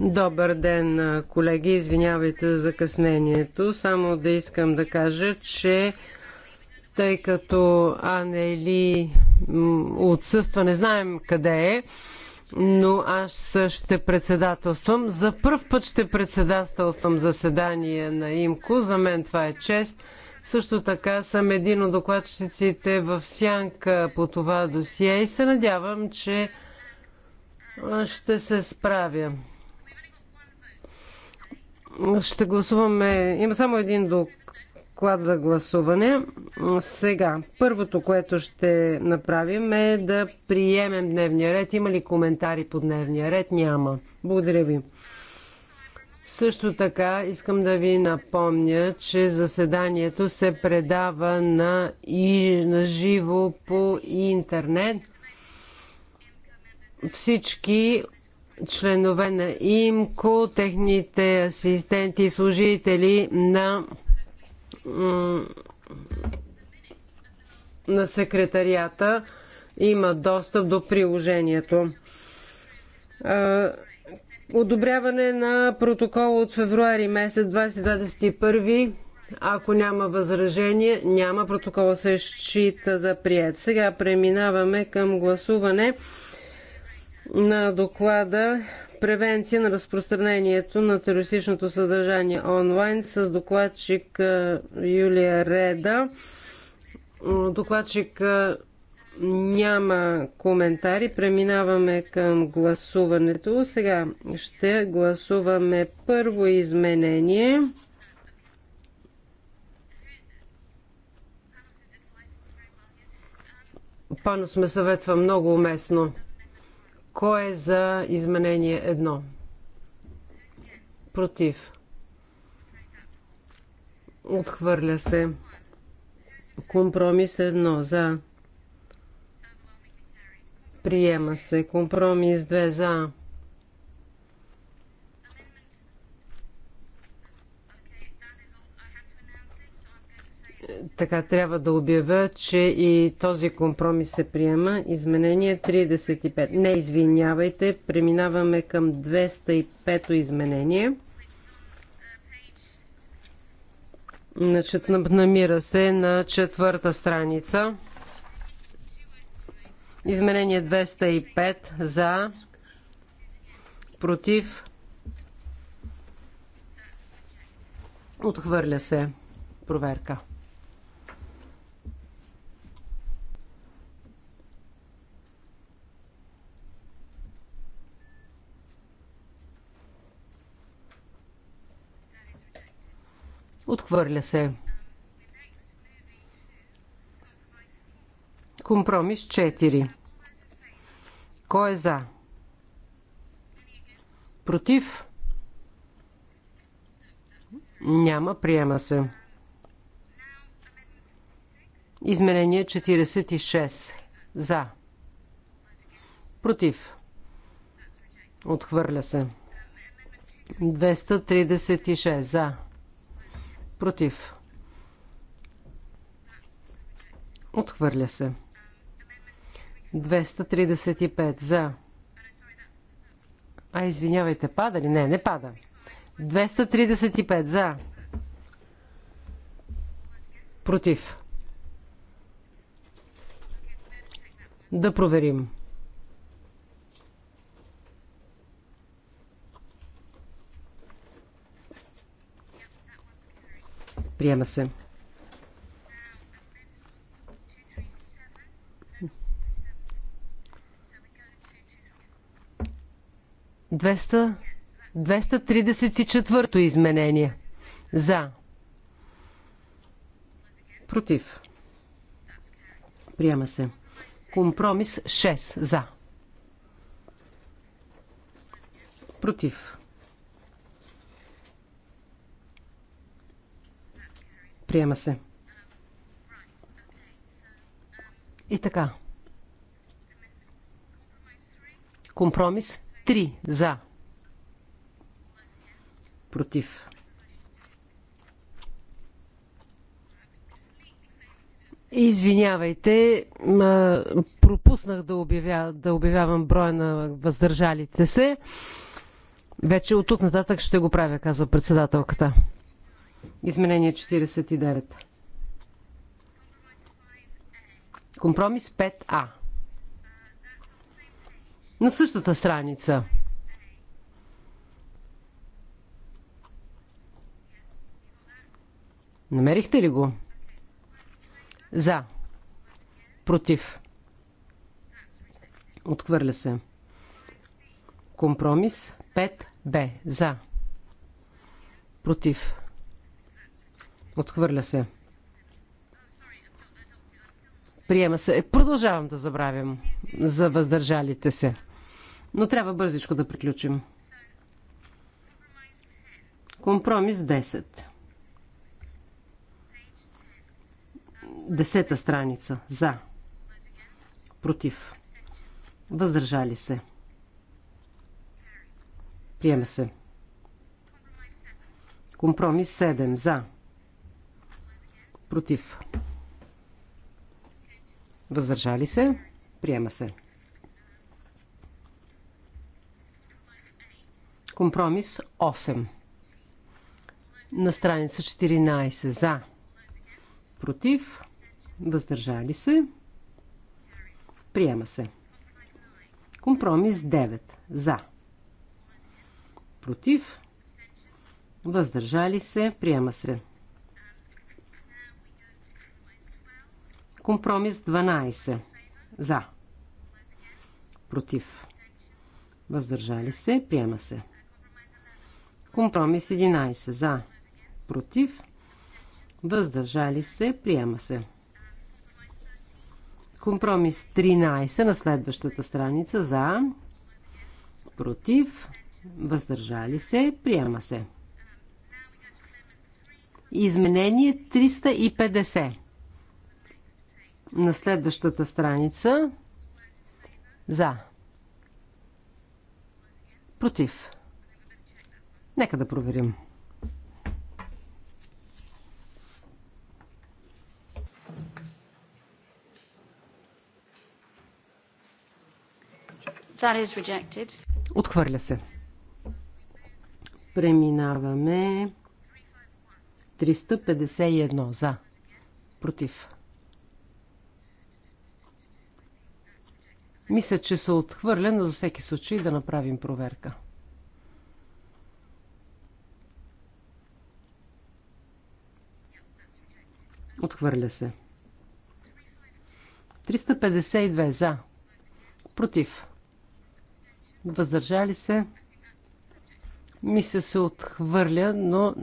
Добър ден, колеги. Извинявайте за закъснението. Само да искам да кажа, че тъй като Анели отсъства, не знаем къде е, но аз ще председателствам. За първ път ще председателствам заседание на ИМКО. За мен това е чест. Също така съм един от докладчиците в сянка по това досие и се надявам, че ще се справя. Ще гласуваме. Има само един доклад за гласуване. Сега, първото, което ще направим е да приемем дневния ред. Има ли коментари по дневния ред? Няма. Благодаря ви. Също така искам да ви напомня, че заседанието се предава на, и, на живо по интернет. Всички членове на ИМКО, техните асистенти и служители на, на секретарията има достъп до приложението. Одобряване на протокола от февруари месец 2021. Ако няма възражение, няма. Протокола се счита за прият. Сега преминаваме към гласуване на доклада Превенция на разпространението на терористичното съдържание онлайн с докладчик Юлия Реда. Докладчик няма коментари. Преминаваме към гласуването. Сега ще гласуваме първо изменение. Пано сме съветва много уместно. Кой е за изменение 1? Против. Отхвърля се. Компромис 1 за. Приема се. Компромис 2 за. Така трябва да обявя, че и този компромис се приема. Изменение 35. Не, извинявайте, преминаваме към 205-то изменение. Значит, намира се на четвърта страница. Изменение 205 за, против, отхвърля се проверка. Отхвърля се. Компромис 4. Кой е за? Против? Няма. Приема се. Изменение 46. За. Против. Отхвърля се. 236. За. Против. Отхвърля се. 235 за. А, извинявайте, пада ли? Не, не пада. 235 за. Против. Да проверим. Приема се. Двеста... 234-то изменение. За. Против. Приема се. Компромис 6. За. Против. приема се. И така. Компромис 3 за. Против. Извинявайте, пропуснах да, обявя, да обявявам броя на въздържалите се. Вече от тук нататък ще го правя, казва председателката. Изменение 49. Компромис 5А. На същата страница. Намерихте ли го? За. Против. Отхвърля се. Компромис 5Б. За. Против. Отхвърля се. Приема се. Е, продължавам да забравям за въздържалите се. Но трябва бързичко да приключим. Компромис 10. Десета страница. За. Против. Въздържали се. Приема се. Компромис 7. За. Против. Въздържали се. Приема се. Компромис 8. На страница 14. За. Против. Въздържали се. Приема се. Компромис 9. За. Против. Въздържали се. Приема се. Компромис 12. За. Против. Въздържали се. Приема се. Компромис 11. За. Против. Въздържали се. Приема се. Компромис 13 на следващата страница. За. Против. Въздържали се. Приема се. Изменение 350 на следващата страница. За. Против. Нека да проверим. Отхвърля се. Преминаваме 351 за. Против. Мисля, че се отхвърля, но за всеки случай да направим проверка. Отхвърля се. 352 за. Против. Въздържали се. Мисля се отхвърля, но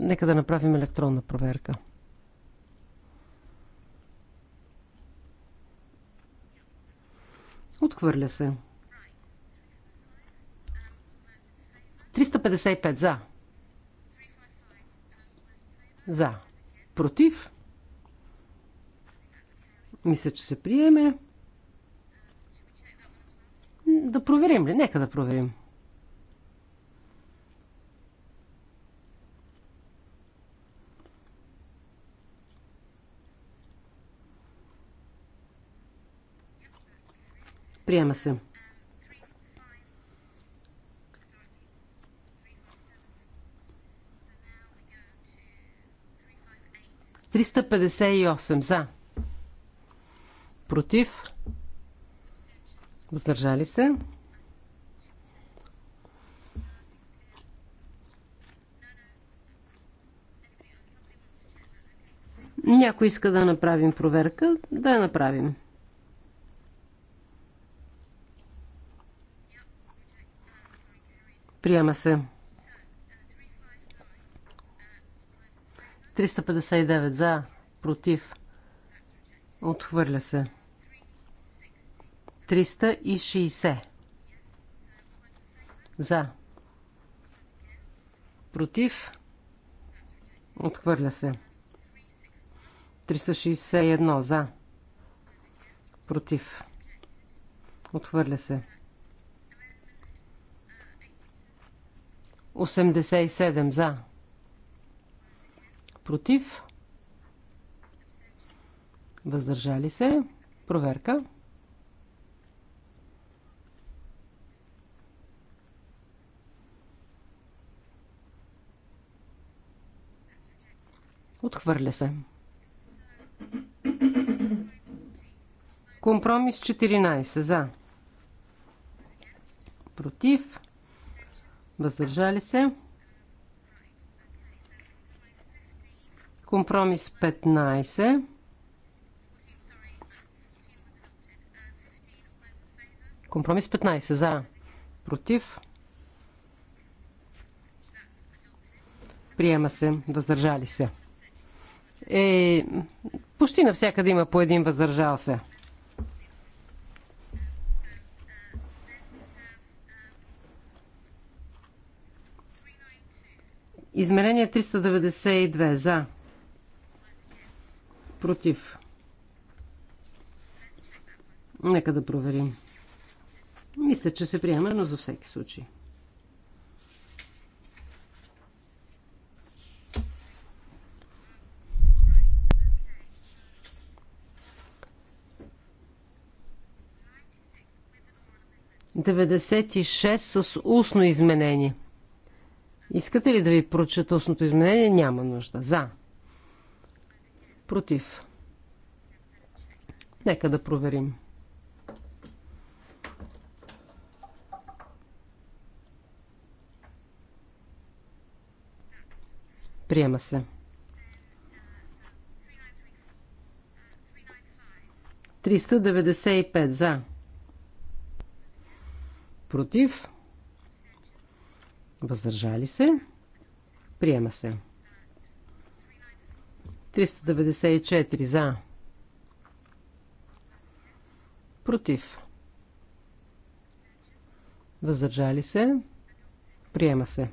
нека да направим електронна проверка. Отхвърля се. 355 за. За. Против. Мисля, че се приеме. Да проверим ли? Нека да проверим. 355. Приема се. 358 за. Против. Въздържали се. Някой иска да направим проверка. Да я направим. Приема се. 359 за, против. Отхвърля се. 360 за. Против. Отхвърля се. 361 за. Против. Отхвърля се. 87 за. Против. Въздържали се. Проверка. Отхвърля се. Компромис 14 за. Против. Въздържали се. Компромис 15. Компромис 15 за. Против. Приема се. Въздържали се. Е, почти навсякъде има по един въздържал се. Измерение 392. За. Против. Нека да проверим. Мисля, че се приема, но за всеки случай. Деведесет и шест с устно изменение. Искате ли да ви прочета устното изменение? Няма нужда. За. Против. Нека да проверим. Приема се. 395 за. Против. Въздържали се. Приема се. 394 за. Против. Въздържали се. Приема се.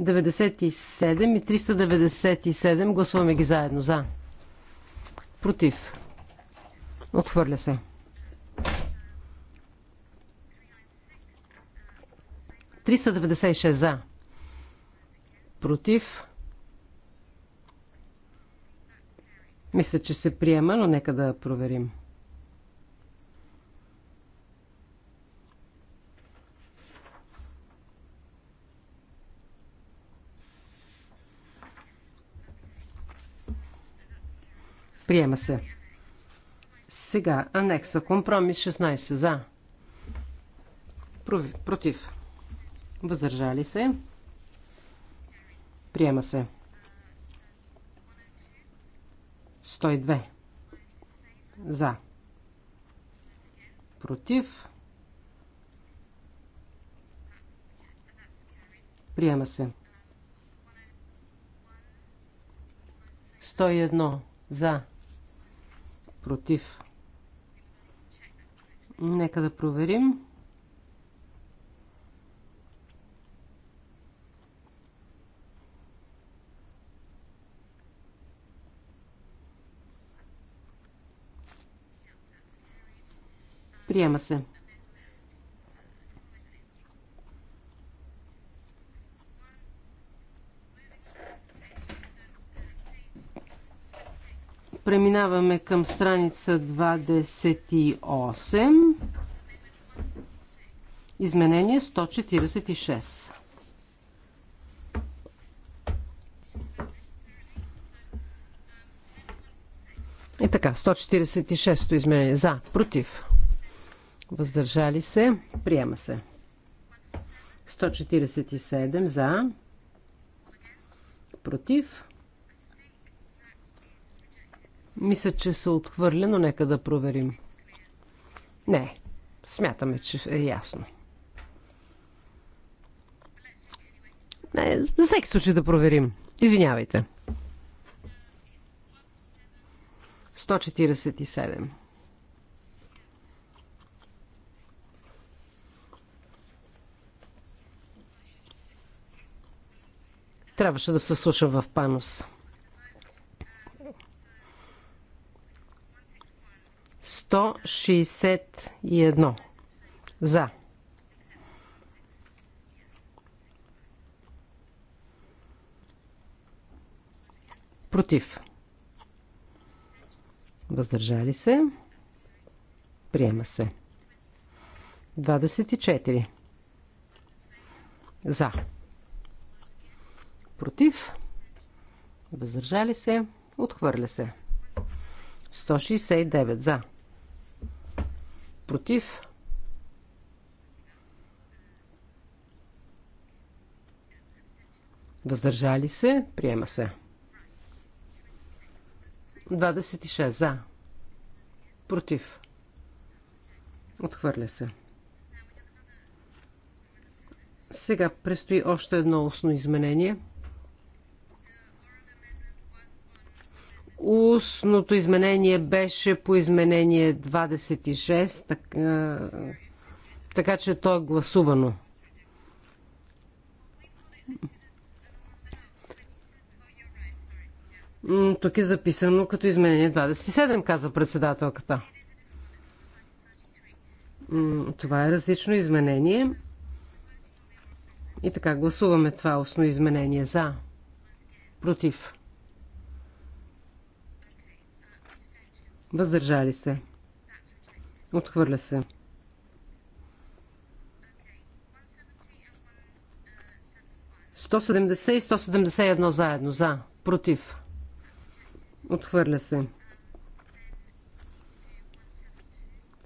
97 и 397. Гласуваме ги заедно. За. Против. Отхвърля се. 396 за. Против. Мисля, че се приема, но нека да проверим. Приема се. Сега анекса компромис 16 за. Против. Въздържали се. Приема се. 102. За. Против. Приема се. 101. За. Против. Нека да проверим. Приема се. Преминаваме към страница 28. Изменение 146. И така, 146-то изменение. За, против. Въздържали се. Приема се. 147 за. Против. Мисля, че се отхвърля, но нека да проверим. Не, смятаме, че е ясно. Не, за всеки случай да проверим. Извинявайте. 147. трябваше да се слуша в Панос. 161 за. Против. Въздържали се. Приема се. 24. За. Против. Въздържали се. Отхвърля се. 169 за. Против. Въздържали се. Приема се. 26 за. Против. Отхвърля се. Сега предстои още едно устно изменение – Устното изменение беше по изменение 26, така, така че то е гласувано. Тук е записано като изменение 27, казва председателката. Това е различно изменение. И така гласуваме това устно изменение за. Против. Въздържали се. Отхвърля се. 170 и 171 заедно. За. Против. Отхвърля се.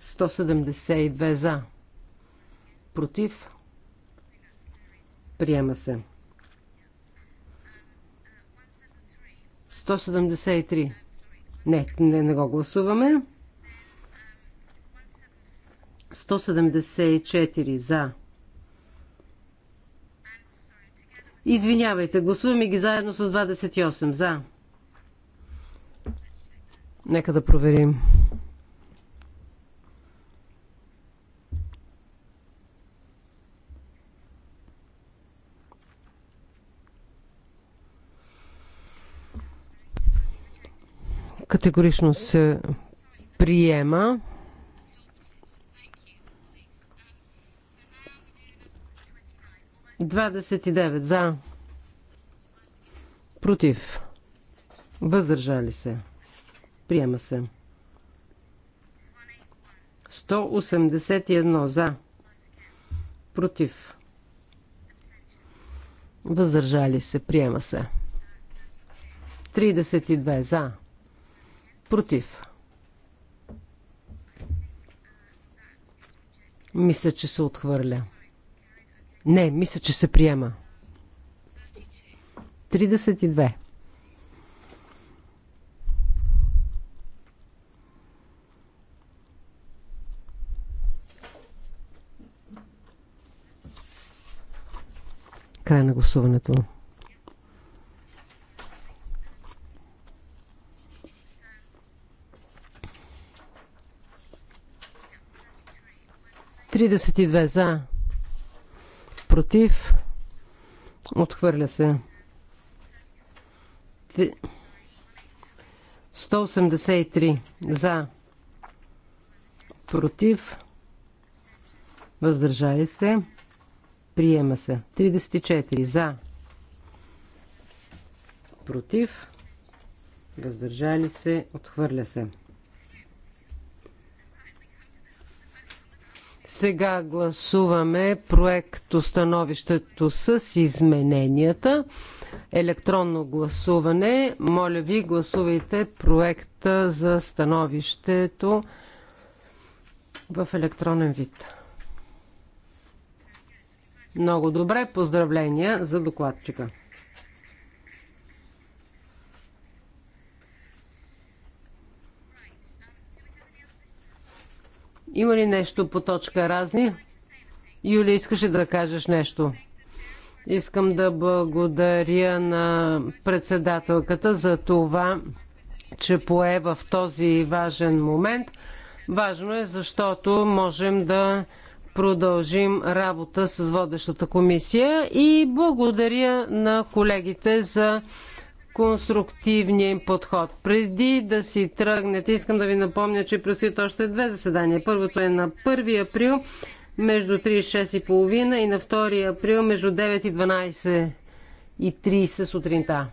172 за. Против. Приема се. Не, не, не го гласуваме. 174 за. Извинявайте, гласуваме ги заедно с 28 за. Нека да проверим. категорично се приема. Двадесет и девет за. Против. Въздържали се. Приема се. 181 за. Против. Въздържали се. Приема се. 32 за. Против. Мисля, че се отхвърля. Не, мисля, че се приема. 32. Край на гласуването. 32 за. Против. Отхвърля се. 183 за. Против. Въздържали се. Приема се. 34 за. Против. Въздържали се. Отхвърля се. Сега гласуваме проекто становището с измененията. Електронно гласуване. Моля ви, гласувайте проекта за становището в електронен вид. Много добре. Поздравления за докладчика. Има ли нещо по точка разни? Юли, искаше да кажеш нещо? Искам да благодаря на председателката за това, че пое в този важен момент. Важно е, защото можем да продължим работа с водещата комисия и благодаря на колегите за конструктивния им подход. Преди да си тръгнете, искам да ви напомня, че предстоят още две заседания. Първото е на 1 април между 3 и 6 и половина и на 2 април между 9 и 12 и 30 сутринта.